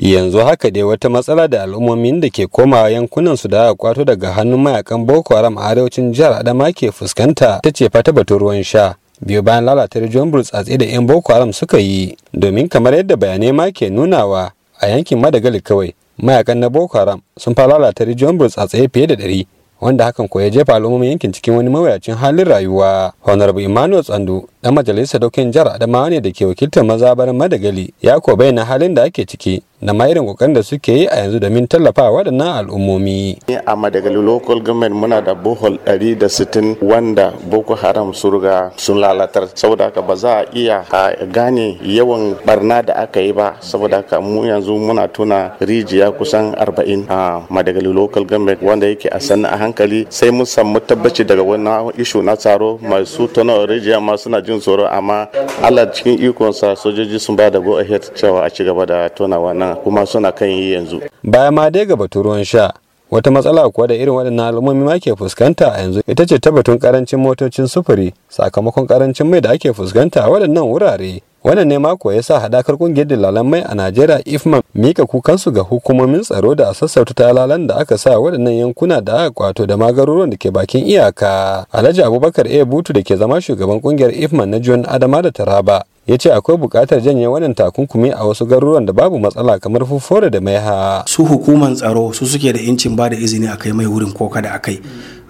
yanzu haka dai wata matsala da al'ummomin da ke komawa yankunan su da aka kwato daga hannun mayakan boko haram a arewacin jihar adama ke fuskanta ta ce fata batun ruwan sha biyu bayan lalata rijiyon burtsatse da 'yan boko haram suka yi domin kamar yadda bayanai ma ke nunawa a yankin madagali kawai mayakan na boko haram sun fara lalata rijiyon burtsatse fiye da ɗari wanda hakan ko ya jefa al'ummomin yankin cikin wani mawuyacin halin rayuwa. Honorable Emmanuel Tsandu dan Majalisa dokin jihar Adama ne da ke wakiltar mazabar Madagali ya ko bayyana halin da ake ciki da ma irin kokarin da suke yi a yanzu domin tallafa waɗannan al'ummomi. A Madagali local government muna da bohol 160 wanda Boko Haram surga sun lalatar saboda haka ba za a iya gane yawan barna da aka yi ba saboda haka mu yanzu muna tuna rijiya kusan 40 a Madagali local government wanda yake a sanna a hankali sai mun samu tabbaci daga wannan ishu na tsaro masu tona rijiya ma suna jin tsoro amma Allah cikin ikonsa sojoji sun ba da go ahead cewa a ci gaba da tona wannan kuma suna kan yi yanzu baya ma dai ga batun ruwan sha wata matsala kuwa da irin waɗannan al'ummomi ma ke fuskanta a yanzu ita ce ta batun karancin motocin sufuri sakamakon karancin mai da ake fuskanta a waɗannan wurare wannan ne mako ya sa hadakar ƙungiyar dalalan mai a najeriya ifman mika kukansu ga hukumomin tsaro da a sassauta talalan da aka sa waɗannan yankuna da aka kwato da magarurun da ke bakin iyaka alhaji abubakar a butu da ke zama shugaban ƙungiyar ifman na john adama da taraba ya ce akwai bukatar janye wannan takunkumi a wasu garuruwan da babu matsala kamar fufore da mai ha su hukumar tsaro su suke da incin ba da izini a kai mai wurin ko kada akai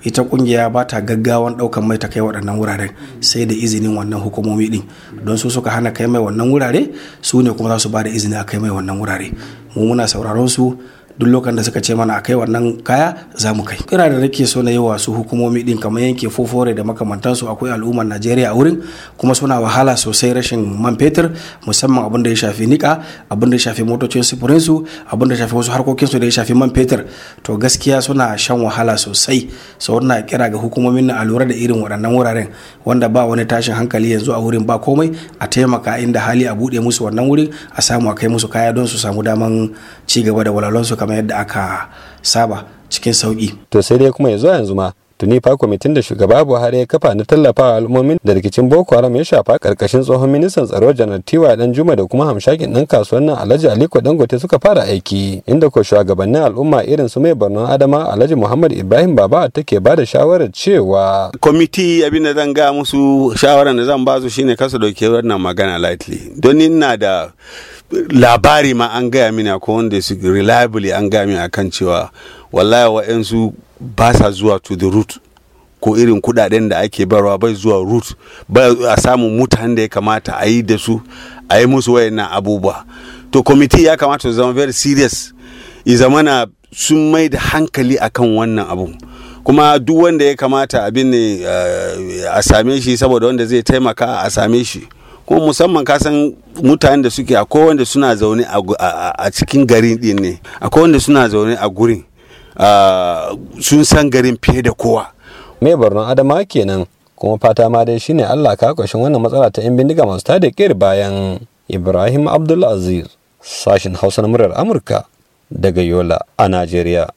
ita kungiya ba ta gaggawan ɗaukan mai ta kai waɗannan wuraren sai da izinin wannan hukumomi ɗin don su suka hana kai mai wannan wurare su ne kuma za su ba da izini a kai mai wannan wurare mu muna sauraron su duk lokacin da suka ce mana akai wannan kaya za mu kai kira da nake so na yi wa su hukumomi din kamar yanke fofore da makamantansu akwai al'ummar najeriya a wurin kuma suna wahala sosai rashin man fetur musamman abin da ya shafi nika abin da ya shafi motocin sufurin su abin da ya shafi wasu harkokin su da ya shafi man fetur to gaskiya suna shan wahala sosai so na kira ga hukumomin na alura da irin waɗannan wuraren wanda ba wani tashin hankali yanzu a wurin ba komai a taimaka inda hali a buɗe musu wannan wurin a samu a kai musu kaya don su samu daman ci gaba da walwalansu kamar kamar yadda aka saba cikin sauƙi. To sai dai kuma yanzu yanzu ma tunifa kwamitin da shugaba buhari ya kafa na tallafawa al'ummomin da rikicin boko haram ya shafa karkashin tsohon ministan tsaro janar tiwa dan juma da kuma hamshakin dan kasuwan nan alhaji aliko dangote suka fara aiki inda ko shugabannin al'umma irin su mai barnon adama alhaji muhammad ibrahim baba take ba da shawarar cewa kwamiti abin da zan ga musu shawarar da zan basu su shine kasa dauke wannan magana lightly don ina da labari ma an gaya mini ko wanda su reliably an gaya mini akan cewa wallahi wa'yansu ba sa zuwa to the root ko irin kudaden da ake barwa bai zuwa root ba a samu mutanen da ya kamata a yi da su a yi musu wayannan abubuwa to committee ya kamata su zama very serious i zamana sun mai da hankali akan wannan abu kuma duk wanda ya kamata abin ne eh, a same shi saboda wanda zai taimaka a same shi kuma musamman ka san mutanen da suke akwai wanda suna zaune a cikin garin din ne akwai wanda suna zaune a gurin Ah, sun san garin fiye da kowa mai barnon adama kenan kuma fata ma dai shine allah ka kwashin wannan matsala ta yan bindiga masu tada kir bayan ibrahim abdulaziz sashin hausa na murar amurka daga yola a najeriya